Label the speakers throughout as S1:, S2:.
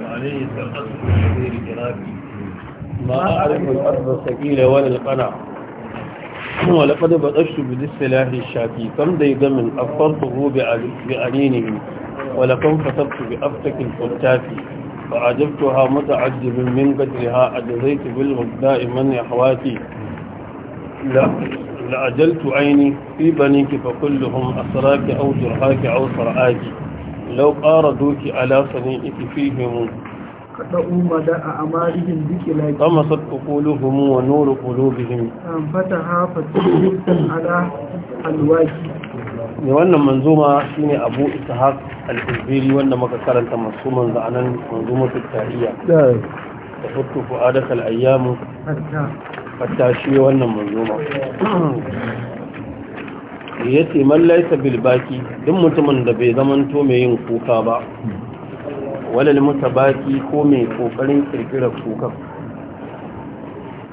S1: عليه جرابي ما أعرف الأرض الثقيلة ولا القنع ولقد بطشت السلاح الشاكي كم ديد من أفضته بأنينه ولكم فتبت بأفتك الفتاتي فعجبتها متعجب من قتلها أجزيت بالغداء من يحواتي لا لأجلت عيني في بنيك فكلهم أسراك أو جرحاك أو صرعاك لو قاردوك على صنيعك فيهم
S2: قطعوا مدى أعمالهم بكلاك
S1: طمست قلوبهم ونور قلوبهم
S2: أنفتها فتجبتا على الواجه
S1: wannan manzuma shine Abu Ishaq al-Izbiri wanda muka karanta masuman zanan manzuma tariya da hutu fu'adaka al-ayyam hatta hatta shi wannan manzuma ya ce mallaisa bilbaki duk mutumin da bai to mai yin kuka ba walal baki ko mai kokarin kirkirar kukan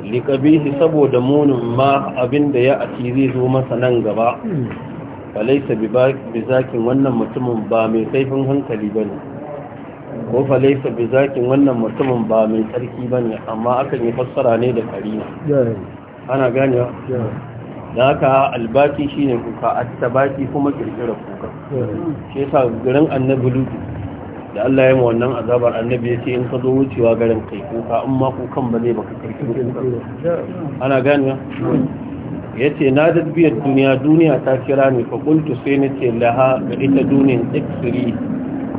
S1: liƙabihi saboda munin ma abin da ya ake zai zo masa nan gaba falaisa zakin wannan mutumin ba mai saifin hankali ba ne ko falaisa zakin wannan mutumin ba mai tsarki ba ne amma akan yi fassara ne da karina ana ganewa da albashi albaki shine kuka baki kuma kirkirar kuka shi sa garin annabi lutu da Allah ya ma wannan azabar annabi ya ce in ka zo wucewa garin kai kuka in ma kukan ba zai baka kirkira kuka ana gani ya ce na dadbiyar duniya duniya ta kira ne fa kuntu sai na ce laha ga ita duniyan iksiri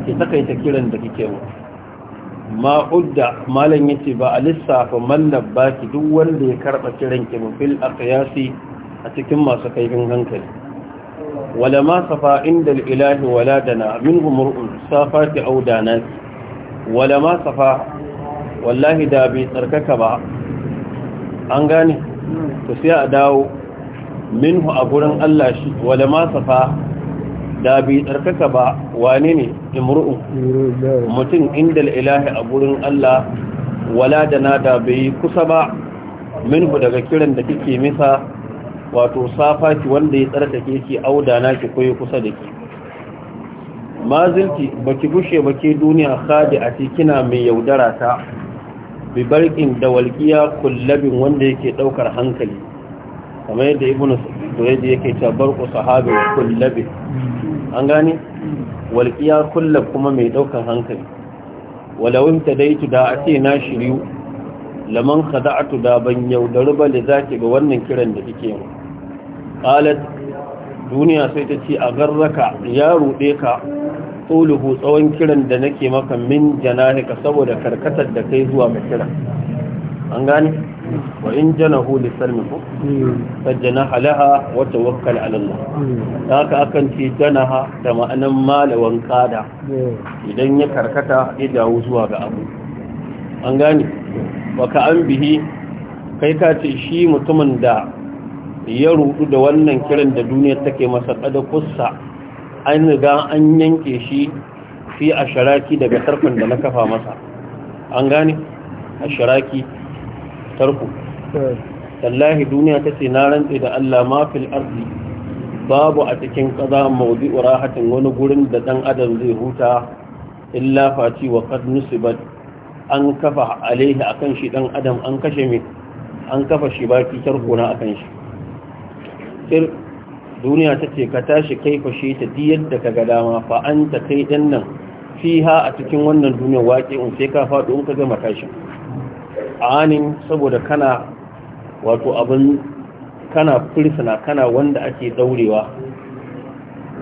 S1: ki takaita kiran da kike wa ma udda malam yace ba a lissafa mallabaki duk wanda ya karba kiran ki fil aqyasi a cikin masu kaifin hankali wala ma safa inda ilahi wala dana min humur'un safa ki audana wala ma safa wallahi da bai tsarkaka ba an gane ku sai a dawo minhu a gurin Allah shi wala ma safa da bai tsarkaka ba wane ne imru'un mutum inda ilahi a gurin Allah wala dana da bai kusa ba minhu daga kiran da kike misa wato safa ki wanda ya tsarkake ki auda na ki koyi kusa da ki mazilti baki gushe baki duniya khadi a kina mai yaudara ta bi barkin da walqiya kullabin wanda yake daukar hankali kamar yadda ibnu sa'id yake ta barku sahabi Kullabi. an gane walqiya kullab kuma mai daukar hankali walawin tu da a ce na shiryu laman khada'atu da ban yaudari ba da zaki ga wannan kiran da kike yi qalat duniya sai ta ce a garraka ya ruɗe ka tsoluhu tsawon kiran da nake maka min janahika saboda karkatar da kai zuwa ga kiran an gane wa in janahu li salmiku fajjanaha laha wa tawakkal ala Allah haka akan ce janaha da ma'anan malawan kada idan ya karkata ya dawo zuwa ga abu an gane baka an bihi kai ka ce shi mutumin da ya rudu da wannan kiran da duniya take masa kada kussa an ga an yanke shi fi a sharaki daga tarkon da na kafa masa an gane a sharaki tarko tallahi duniya ta ce na rantse da Allah ma fil ardi babu a cikin kaza mawdi'u urahatin wani gurin da dan adam zai huta illa fati wa qad nusibat an kafa alaihi akan shi dan adam an kashe me an kafa shi baki tarko na akan shi sir duniya ta ce ka tashi kai fashe ta diyar da ka ga dama fa an ta kai dannan fiha a cikin wannan duniyar waƙe in sai ka faɗo in ka gama tashin anin saboda kana wato abin kana fursuna kana wanda ake daurewa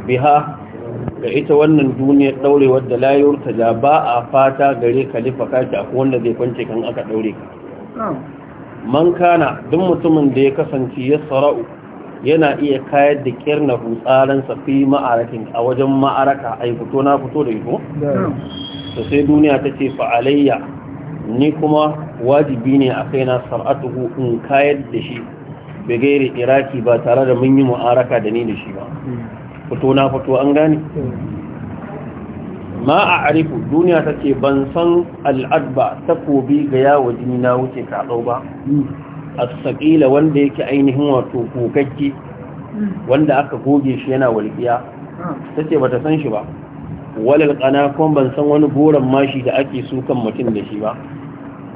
S1: biha ga ita wannan duniyar daurewar da layuwar ta ja ba a fata gare ka lifa kaki a wanda zai kwance kan aka daure
S2: ka
S1: man kana duk mutumin da ya kasance ya sara'u yana iya kayar da kirna hutsaransa fi ma'arakin a wajen ma'araka ai fito na fito da iko to sai duniya ta ce fa'alayya ni kuma wajibi ne a kaina sar'atuhu in kayar da shi gairi iraki ba tare da mun yi ma'araka da ni da shi ba fito na fito an gane ma a arifu duniya ta ce ban san al'adba takobi ga yawo jini na wuce kaɗau ba as wanda yake ainihin wato kokakke. wanda aka goge shi yana walƙiya ce bata san shi ba walal qana kuma ban san wani goron mashi da ake sukan mutum da shi ba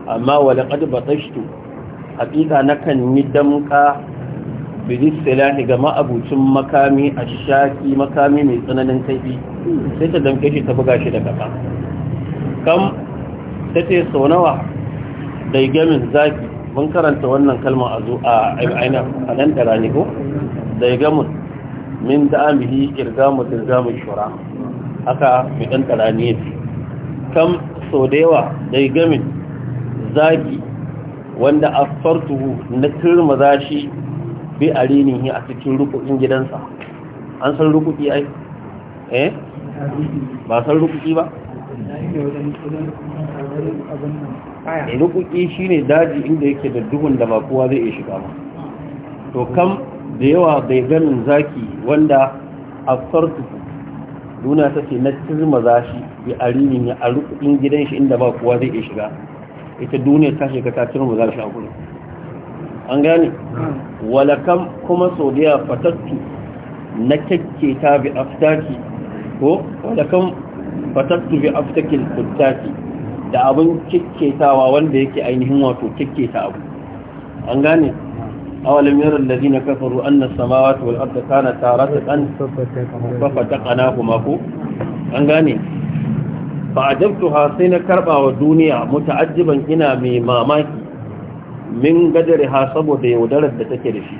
S1: amma walaqad batashtu haƙiƙa kan yi damka bilis silahi ga ma'abucin makami a shaki makami mai tsananin kaifi sai ta damke shi ta buga shi da kafa kam tace sau nawa daigamin zaki mun karanta wannan kalmar a zuwa a aina a nan da rani ko da ya gamu min da amihi irgamu dirgamu shura haka mai dan tarani yake kam so da yawa da ya gamin zaki wanda a fartu na za shi bi arinihi a cikin rukukin gidansa an san rukuki ai eh ba san rukuki ba rukuki ne daji inda yake da duhun da bakuwa zai iya shiga ba to kam da yawa bai ganin zaki wanda a asartu duna ta ce na cizma shi bi arinin ne a rukukin gidan shi inda ba zai iya shiga ita duniya ta shiga ta cizma zashi a kudu an gane wala kam kuma sau da yawa fatattu na kyakke ta bi fitaki ko wala kam fatattu bi aftakil kuttati da abin kikketawa wanda yake ainihin wato kikketa abu an gane awalin yara lalazina kafaru annas samawati wal arda kana taratan fafataqana kuma ko an gane fa ha sai na karba wa duniya muta'ajjiban ina mai mamaki min gadariha saboda yaudarar da take da shi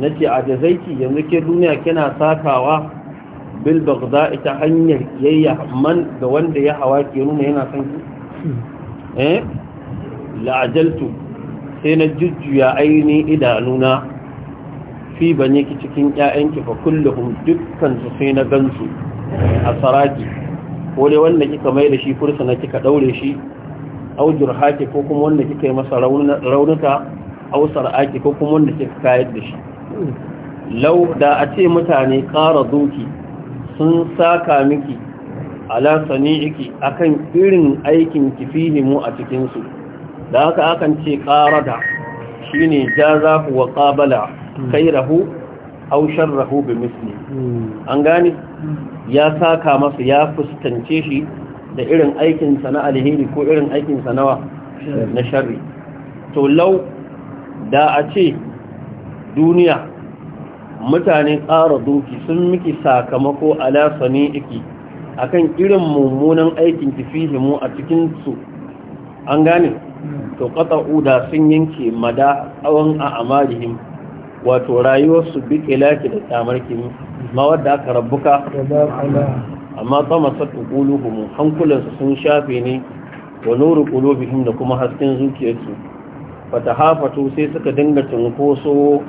S1: nace a jazaiki yanzu ke duniya kina sakawa bil bagda ita hanyar yayya man da wanda ya hawa ke nuna yana son ki eh la'ajaltu sai na jujjuya aini idanuna fi bane ki cikin ƴaƴanki fa kulluhum dukkan su sai na gansu a saraki ko dai wanda kika mai da shi fursuna kika daure shi au jurhaki ko kuma wanda kika yi masa raunuka au saraki ko kuma wanda kika kayar da shi lau da a ce mutane ƙara duki sun saka miki ala sani'iki akan irin aikin mu a cikinsu da haka akan ce ƙarada shi ne jaza wa ƙabala kai rahu aushar rahu bi misli an gani ya saka masa ya fuskance shi da irin aikinsa na alheri ko irin aikinsa nawa na sharri to lau da a ce duniya mutane ƙara doki sun miki sakamako ala a kan irin mummunan aikin mu a cikinsu an gane to ƙasa'u da sun yanke mada tsawon a amalihim wato rayuwarsu biƙe kilaki da kyamarki ma wadda aka rabuka amma tsama sattu ƙulubumu hankulansu sun shafe ne wa nuru ƙulubihim da kuma hasken zuciyarsu fata hafatu sai suka dinga cinkoso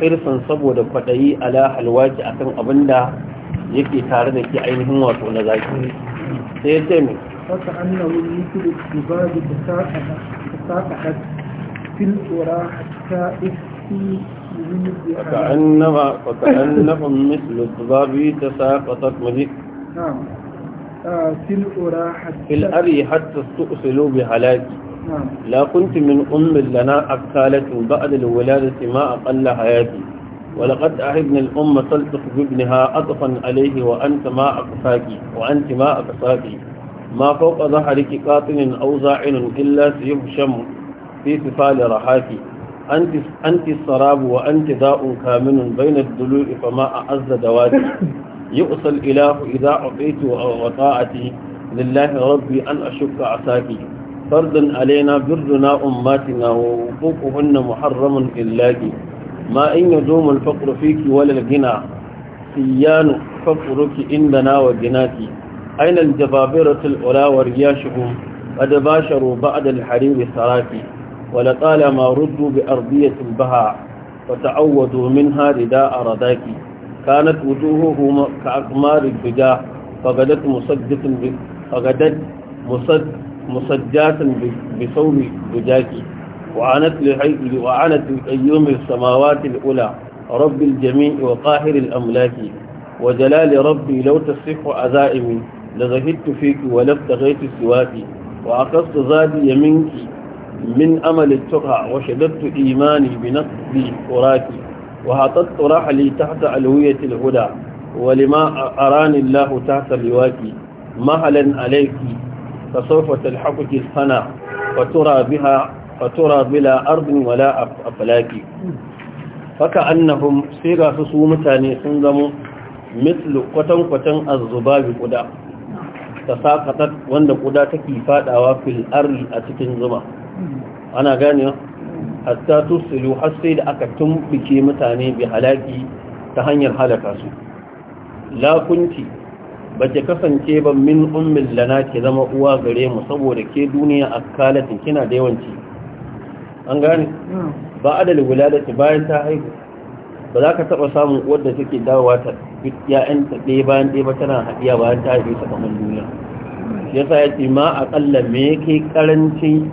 S1: hirsan saboda kwaɗayi ala halwaki akan abin da yake tare da ke ainihin wato na zaki sai ya ce mai
S2: fata annawun yusuf ibadu da saƙaɗa fil tsora ta iski فكأنهم
S1: مثل الضبابي تساقطت ملك نعم في الأري حتى استؤصلوا بهلاكي la kuntu min ummin lana akalatu ba'da alwiladati ma aqalla hayati ولقد أعدنا الأمة تلتق بابنها أطفا عليه وأنت ما أقصاك وأنت ما أقصاك ما فوق ظهرك قاطن أو زاعن إلا سيهشم في سفال رحاك أنت, أنت السراب وأنت داء كامن بين الدلوء فما أعز دواتي يؤسى الإله إذا أعطيت وطاعتي لله ربي أن أشك عساك فرض علينا برنا أماتنا وحقوقهن محرم إلاك ما إن يدوم الفقر فيك ولا الغنى سيان فقرك عندنا وجناك أين الجبابرة الأولى ورياشهم قد باشروا بعد الحرير سراك ولطالما ردوا بأرضية البهاء وتعودوا منها رداء رداك كانت وجوههم كأقمار الدجاه فغدت مصدق فغدت مصدق musajjatan bi sauri gujaki wa'anat li haidi wa'anat li ayyumi samawati al-ula rabbi al-jami'i wa qahir al-amlaki wa jalali rabbi law tasifu azaimi la zahidtu fiki wa la taghaytu siwaki wa aqastu zadi yaminki min amal al-tuqa wa shaddadtu imani bi nafsi uraki wa hatattu rahli tahta alwiyati al-huda wa lima arani allah tahta liwaki mahalan alayki فسوف تلحقك الفنا فترى بها فترى بلا أرض ولا أفلاك فكأنهم سيغا سسومتاني سنزموا مثل قطن قطن الزباب قدا تساقطت وند قدا تكيفات في الأرض أتكن زما أنا غاني حتى تصلوا حسيد أكتم بكي متاني بحلاكي تهنير حلقة لا كنتي ba ki kasance ba min ummin lana ke zama uwa gare mu saboda ke duniya a kalatin kina da yawanci an gane ba adal wuladati bayan ta haihu ba za ka taɓa samun wadda da take dawowa ta ya'yan ta ɗaya bayan ɗaya ba tana haɗiya bayan ta haife ta kamar duniya yasa ya ce ma a ƙalla me yake karanci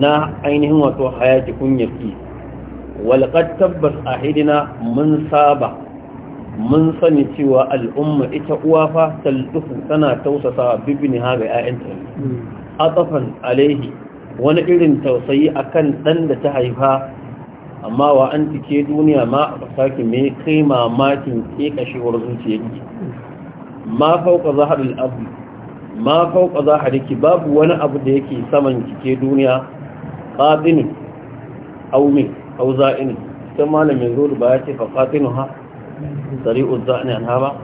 S1: na ainihin wato hayaki kunyar ki. walƙar tabbas a hidina mun saba mun sani cewa al'umma ita uwa fa taldufu tana tausasa bibini ha ga A hmm. tsafan alaihi wani irin tausayi akan ɗan da ta haifa amma wa an tike duniya ma a saki mai kai mamakin ke zuciyarki ma fauka haɗin abu ma fauka ki? babu wani abu da yake saman cike duniya qadini aw min aw sai malamin zuri ba ya ce fa ha? sari'u za'ani an haba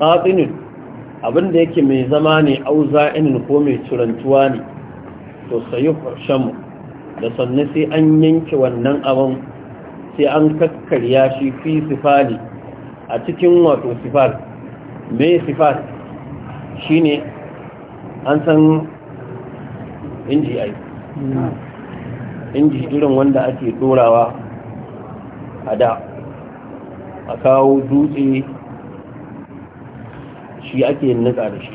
S1: qatinin abinda yake mai zama ne au za'inin ko mai turantuwa ne to sayu shamu da sanne sai an yanke wannan abin sai an kakkarya shi fi sifali a cikin wato sifal mai sifal shine an san inji ai hmm. inji irin wanda ake dorawa a da a kawo dutse shi ake nika da shi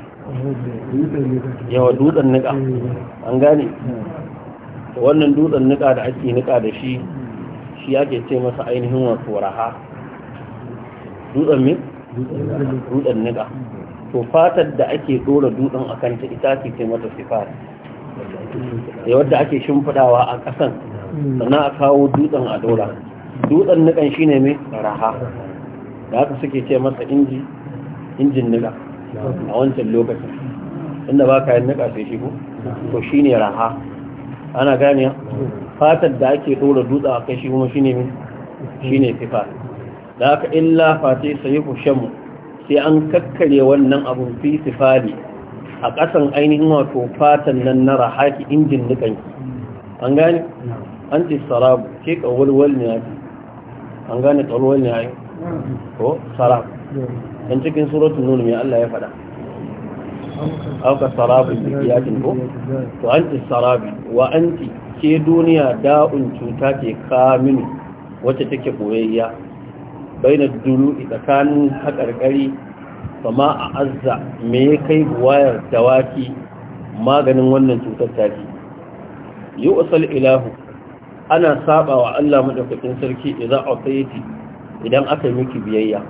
S1: yawa dutsen nika an gane wannan dutsen nika da ake nika da shi shi ake ce masa ainihin wato raha dutsen me? dutsen nika to fatar da ake dora dutsen a kanta ita ce ce mata sifar wadda ake shimfidawa a kasan sannan a kawo dutsen a dora dutsen shi ne mai raha da haka suke ce masa inji injin nuka a wancan lokacin inda ba kayan nuka sai shi ko to ne raha ana gane fatar da ake dora dutsen a kai shi kuma ne mai ne fifa da haka illa fati sai ku shamu sai an kakkare wannan abun fi sifali a ƙasan ainihin wato fatan nan na raha ki injin nikan an gane an ce sarabu ke kawalwal ne an gane tsaron ne ayi ko sarab dan cikin suratul nun mai Allah ya faɗa auka sarabi biyatin ko to anti sarabi wa anti ke duniya da'un cuta ke kamin wacce take boyayya baina dulu tsakanin haƙarƙari. fama a azza me ya kai wayar dawaki maganin wannan cutar taki yi usal ilahu ana saba wa Allah madaukakin sarki idza atayiti idan aka miki biyayya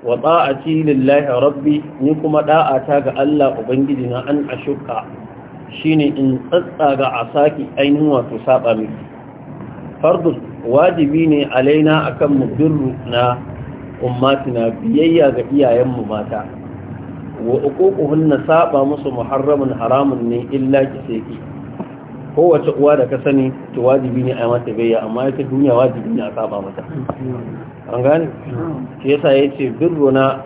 S1: wa ta'ati lillahi rabbi ni kuma da'ata ga Allah ubangiji na an ashuka shine in ga asaki ainihin wato saba miki fardu wajibi ne alaina akan mu birru na ummatina biyayya ga iyayenmu mata wa uququhunna saba musu muharramun haramun ne illa kiseki kowace uwa da ka sani to wajibi ne a mata bayya amma ita duniya wajibi ne a saba mata an gani shi yasa yace birruna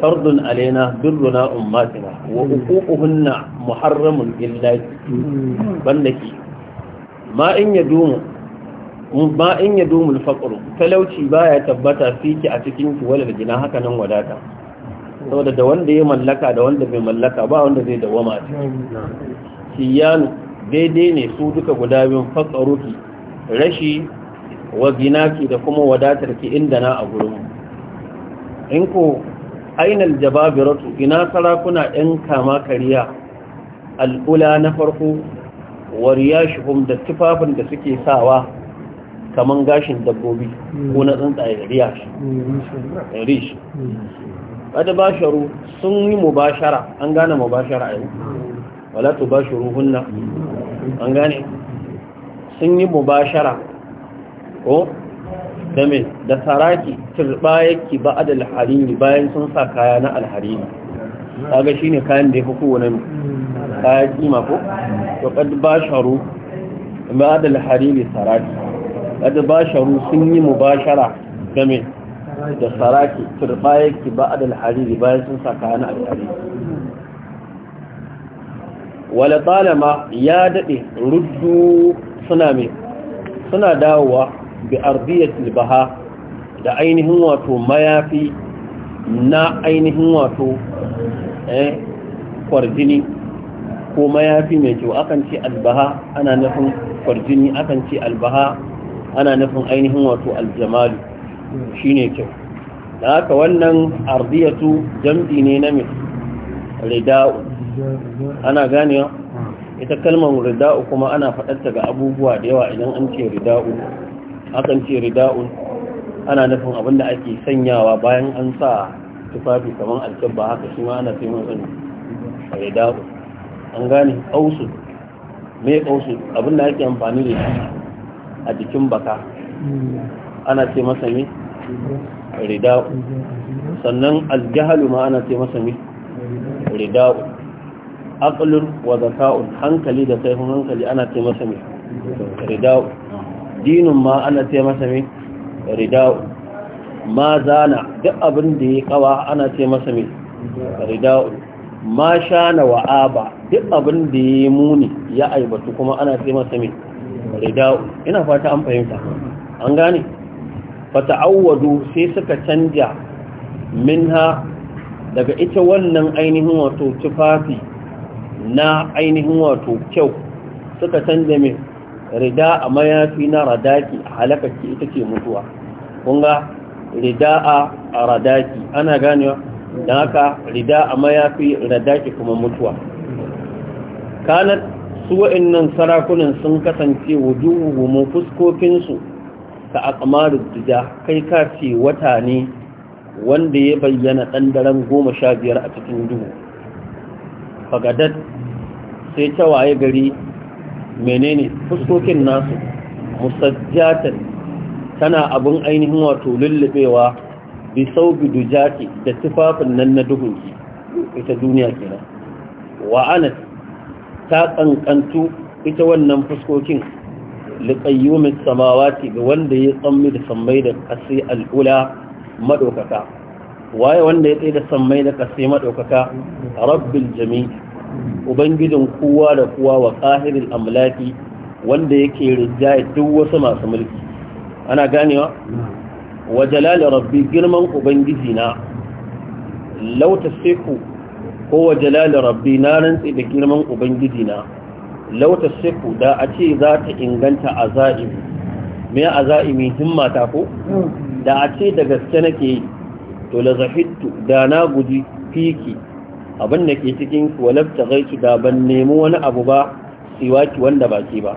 S1: fardun alaina birruna ummatina wa huququhunna muharramun illa bandaki ma in yadumu ma in ya al-faqr talauci baya tabbata fiki a cikin ki wala gina haka nan wadata saboda da wanda ya mallaka da wanda bai mallaka ba wanda zai dawama a cikin siyanu daidai ne su duka guda biyun fatsaruki rashi wa zinaki da kuma wadatar ki inda na a gurin in ko ainal jababiratu ina sarakuna ɗin kama kariya al'ula na farko wariya kuma da tufafin da suke sawa kamar gashin dabbobi ko na tsuntsaye
S2: mm.
S1: rish mm. ba sharu sun yi mubashara an gane mubashara a yau mm. wala tu shuru hunna an gane sun yi mubashara ko damin da saraki turba yake ba adal harini bayan sun sa kaya na alharini kaga shi ne kayan da ya fi kowane kaya kima ko to kad ba sharu ba adal saraki kad ba sharu sun yi mubashara damin da saraki turba yake ba adal harini bayan sun sa kaya na alharini wala talama ya daɗe ruddu suna mai suna dawowa bi ardiyatil baha da ainihin wato mayafi na ainihin wato eh kwarjini ko mayafi mai kyau akan ce albaha ana nufin kwarjini akan ce albaha ana nufin ainihin wato aljamalu shine kyau da haka wannan ardiyatu jam'i ne na mai rida'u ana ganewa ita kalmar rida'u kuma ana faɗarta ga abubuwa da yawa idan an ce rida'u akan ce rida'u ana nufin abin da ake sanyawa bayan an sa tufafi kamar alkabba haka shi ma ana sai mun rida'u an gane ƙausu me ƙausu abin da ake amfani da shi a jikin baka ana ce masa ne rida'u sannan aljahalu ma ana ce masa ne rida'u aqlun wa zaka'un hankali da kaifin hankali ana ce masa mai rida'u dinin ma ana ce masa mai rida'u ma zana duk abin da ya kawa ana ce masa mai rida'u ma shana wa aba duk abin da ya muni ya aibatu kuma ana ce masa mai rida'u ina fata an fahimta an gane fata'awwadu sai suka canja minha daga ita wannan ainihin wato tufafi na ainihin wato kyau suka canza mai rida a mayafi na radaki a halakaki ita ce mutuwa kunga rida a radaki ana ganewa da haka rida a mayafi radaki kuma mutuwa kanar su nan sarakunan sun kasance wujuhu mu fuskokinsu ka akamarin dija kai kace wata ne wanda ya bayyana ɗandaren goma sha biyar a cikin duhu fagadad sai ta waye gari menene fuskokin nasu musajjatan tana abin ainihin wato lullubewa bi saubi dujati da tufafin nan na duhunki ita duniya kenan wa'anat ta tsankantu ita wannan fuskokin liqayyumis samawati da wanda ya tsammi da sammai da kasi al'ula madaukaka waye wanda ya tsaye da sammai da kasi madaukaka rabbil jami ubangijin kowa da kowa wa ƙahirin amlaki wanda yake rijaya duk wasu masu mulki ana ganewa wa jalal rabbi girman ubangiji na law tasifu ko wa jalal rabbi na rantsi da girman ubangiji na law tasifu da a ce za ta inganta azaimi me azaimi himma ta ko da a ce da gaske nake to la zahittu da na guji fiki abin da ke cikin ki walabta gaisu da ban nemi wani abu ba siwaki wanda ba ke ba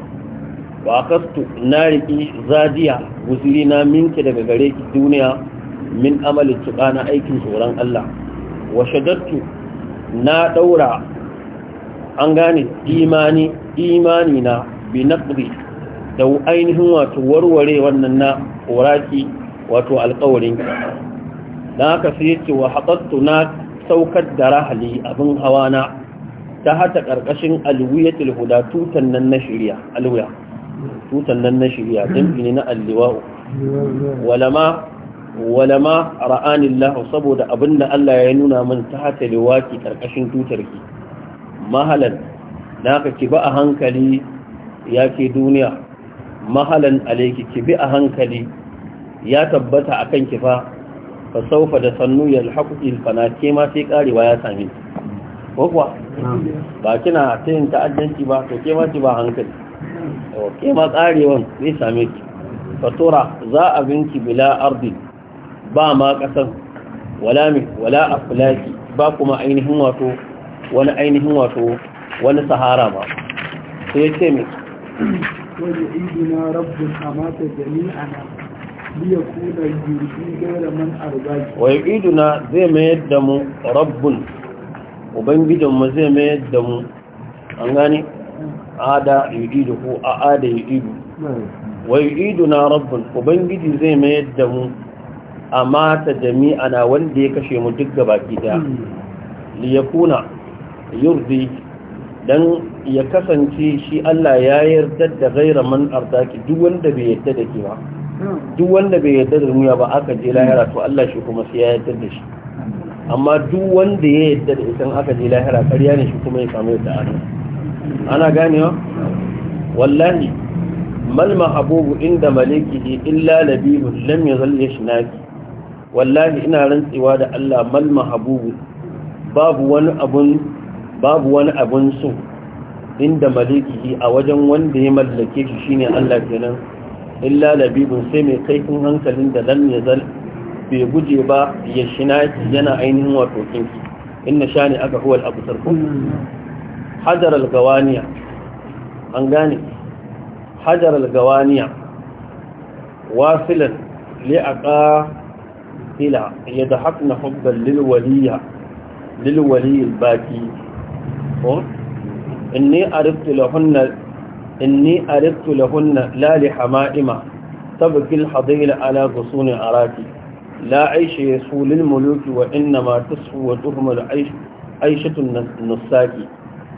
S1: ba kastu na riki zadiya guziri na minki daga gare ki duniya min amalin tuka na aikin tsoron Allah wa shadattu na ɗaura an gane imani imani na bi da ainihin wato warware wannan na horaki wato alƙawarin ki dan haka sai yace wa haqattu na saukar da rahali abin hawa na ta hata ƙarƙashin alwiyatul huda tutan nan na shirya alwiya tutan nan na shirya jam'i na alliwa'u walama walama ra'ani Allah saboda abinda Allah ya nuna min ta hata liwaki ƙarƙashin tutarki mahalan naka ki ba a hankali ya ke duniya mahalan alaiki ki bi a hankali ya tabbata akan kifa Fasaufa da sannu ya alhaqu il fana ke ma sai ƙarewa ya same ko ba kina ta yin ta'addanci ba to ke ma ci ba hankali to ke ma karewan zai same ki fatura za a binki bila ardi ba ma kasan wala mi wala aflaki ba kuma ainihin wato wani ainihin wato wani sahara ba sai ce mi
S2: wajen idina rabbul amata na.
S1: Wai iduna zai mayar da mu rabbun ubangijinmu zai mayar da mu an gani ada yi yu'idu ko a ada yi yu'idu wa'iqiduna rabbun ubangiji zai mayar da mu a mata jami'ana wanda ya kashe mu duk gabaki daya liyakuna yurdi dan ya kasance shi Allah ya yarda da gairaman arzaki duk wanda bai yarda da ke ba duk wanda bai yarda da duniya ba aka je lahira to Allah shi kuma sai ya yarda da shi amma duk wanda ya yarda da isan aka je lahira ƙarya ne shi kuma ya samu yadda ana ana wa. wallahi mal mahabubu inda malikihi illa labibu lam yazal yashnaki wallahi ina rantsewa da Allah mal mahabubu babu wani abun babu wani abun so inda malikihi a wajen wanda ya mallake shi shine Allah kenan illa labibun sai mai kaifin hankalin da lam yazal bai guje ba ya shinaki yana ainihin wato kinki inna shani aka huwa al-abtar kun hajar al-gawaniya an gane hajar al-gawaniya wasilan li aqa ila yadhaqna hubban lil waliya lil waliy al-baqi inni ariftu lahunna inni arittu lahunna la li hamaima tabqil hadil ala gusun araki la aisha yasulil muluki wa inma tasfu wa tuhmul aish aishatun nusaki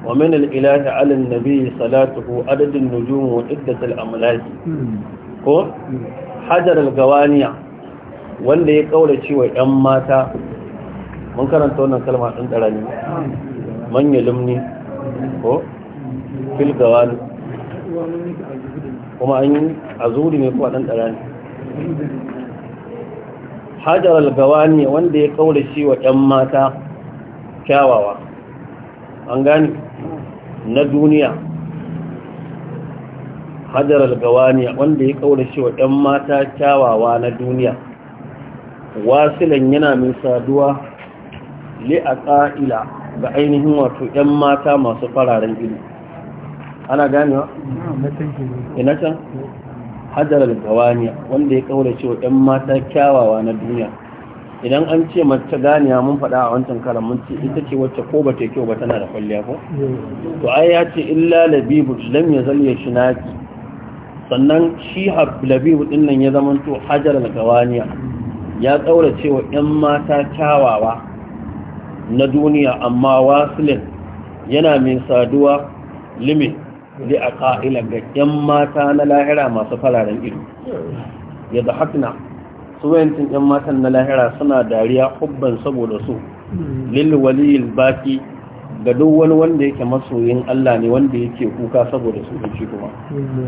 S1: ومن الإله على النبي صلاته عدد النجوم وعدة الأملاك ko hajar gawaniya wanda ya kaura wa 'yan mata mun karanta wannan kalma ɗin ɗarani manya limni ko fil kuma an yi a zuri mai kuwa ɗan ɗara ne hajar algawa ne wanda ya kaura shi wa ‘yan mata kyawawa an gani na duniya hajar ne wanda ya kaura shi wa ‘yan mata kyawawa na duniya wasilan yana mai saduwa li a ƙa'ila ga ainihin wato ‘yan mata masu fararen ido ana ganewa ina can hadarar gawaniya wanda ya kaura cewa yan mata kyawawa na duniya idan an ce mace ganiya mun faɗa a wancan karan mun ce ita ce wacce ko bata kyau ba tana da kwalliya ko to ai ya ce illa labibu lam yazal yashnaki sannan shi labibu din nan ya zamanto Hajarar gawaniya ya tsaura cewa yan mata kyawawa na duniya amma wasilin yana mai saduwa limit bi a ƙa'ila ga ‘yan mata na lahira masu fararen ido ya da haƙna su wayancin ‘yan matan na lahira suna dariya hubban saboda su lil baki ga duk wani wanda yake masoyin Allah ne wanda yake kuka saboda su shi kuma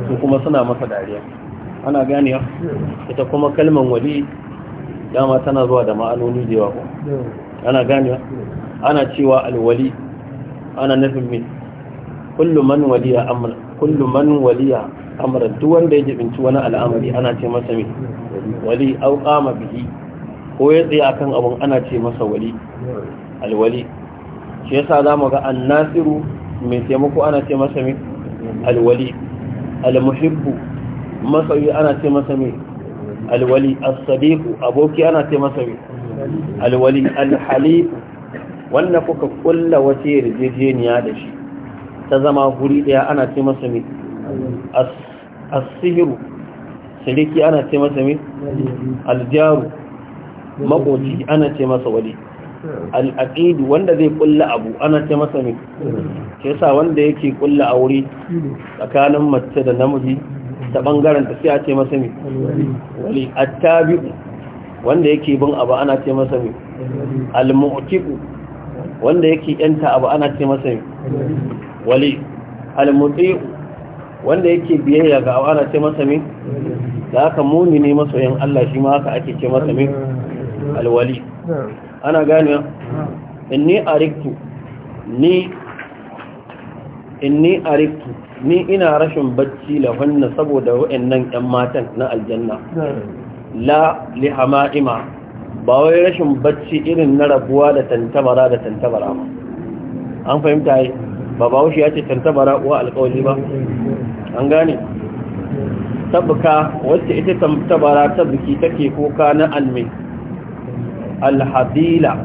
S1: su kuma suna masa dariya ana gane ita kuma kalman wali dama tana zuwa da ma'anoni da yawa ana gane ana cewa alwali ana nufin min kullu man waliya amr duk wanda ya jibinci wani al'amari ana ce masa me wali auƙama bihi ko ya tsaya akan abun ana ce masa wali alwali shi yasa zamu ga an annasiru mai taimako ana ce masa me alwali almuhibbu masoyi ana ce masa me alwali as-sadiq aboki ana ce masa me alwali alhalif wanda kuka kulla wata yarjejeniya da shi ta zama guri daya ana ce masa mai asihiru siriki ana ce masa mai aljaru makoci ana ce masa wali al'aqidu wanda zai kulla abu ana ce masa mai ke sa wanda yake kulla wuri tsakanin mace da namiji ta bangaren ta sai a ce masa mai wali attabi'u wanda yake bin abu ana ce masa mai al-mu'tiqu wanda yake yanta abu ana ce masa mai wali al almuti'u wanda yake biyayya ga ana ce masa min da aka mumini masoyin Allah shi ma haka ake ce masa min Wali. ana gane inni ariktu ni inni ariktu ni ina rashin bacci wannan saboda wa'annan ƴan matan na aljanna la li hama'ima ba wai rashin bacci irin na rabuwa da tantabara da tantabara an fahimta yi ba ba ya ce tantabara uwa alƙawali ba an gane tabbuka wacce ita tantabara ta take kuka na almi alhadila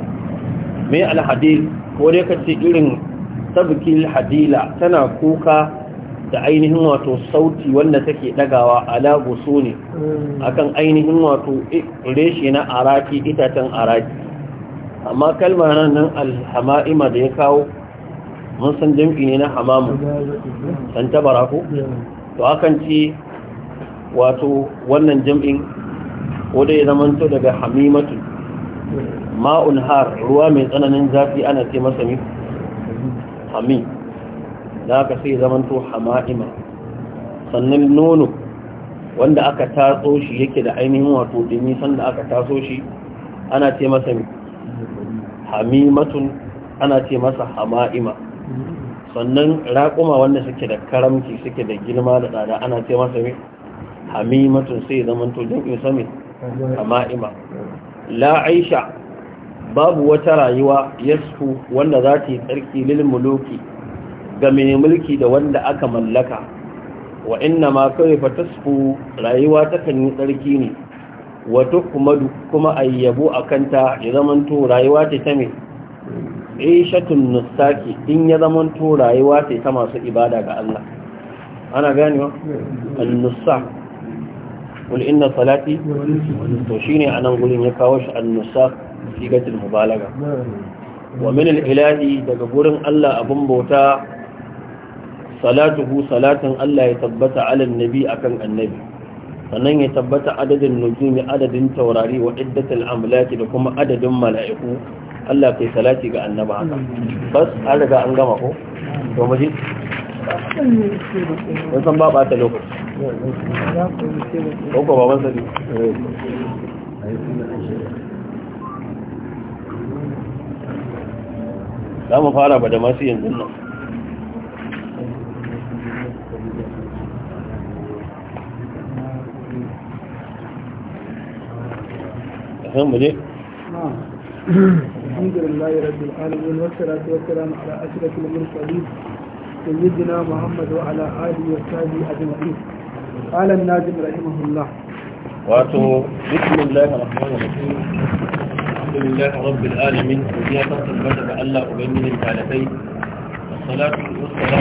S1: mai alhadil ko dai ka ce irin tabbuki alhadila tana kuka da ainihin wato sauti wanda take dagawa ala gusu akan ainihin wato reshe na araki itacen araki amma kalmar nan alhama'ima da ya kawo mun san jam'i ne na hamamu san tabara ko to akan ce wato wannan jam'in ko dai ya zamanto daga hamimatu ma'un har ruwa mai tsananin zafi ana ce masa ne hami da aka sai zamanto hama'ima sannan nono wanda aka tatso shi yake da ainihin wato dumi sanda aka tatso shi ana ce masa Matun ana ce masa hama'ima sannan raƙuma wanda suke da karamci suke da girma da tsada ana ce masa mai hamimatun sai zaman to jam'in sami amma ima la babu wata rayuwa yasku wanda za ta yi tsarki lil ga mai mulki da wanda aka mallaka wa inna ma kawai fa rayuwa ta kan yi tsarki ne wato kuma kuma a kanta ya zamanto rayuwa ta ta ishatun nustaki in ya zama to rayuwa ce ta masu ibada ga Allah ana ganewa annusa wal inna salati to shine anan gurin ya kawo shi annusa sigatul mubalaga wa min al-ilahi daga gurin Allah abun bauta salatuhu salatin Allah ya tabbata ala annabi akan annabi sannan ya tabbata adadin nujumi adadin taurari wa iddatul amlaki da kuma adadin mala'iku Allah kai salati ga annaba haka bas an riga an gama ko to mu ji san ba ba ta lokaci ko ko baban sadi za mu fara ba da masu yanzu nan
S2: Thank you. الحمد لله
S1: رب العالمين والصلاة والسلام على أشرف المرسلين سيدنا محمد وعلى آله وصحبه أجمعين قال الناجم رحمه الله واتو بسم الله الرحمن الرحيم الحمد لله رب العالمين وزيادة البدر ألا أبين من الثالثين والصلاة والسلام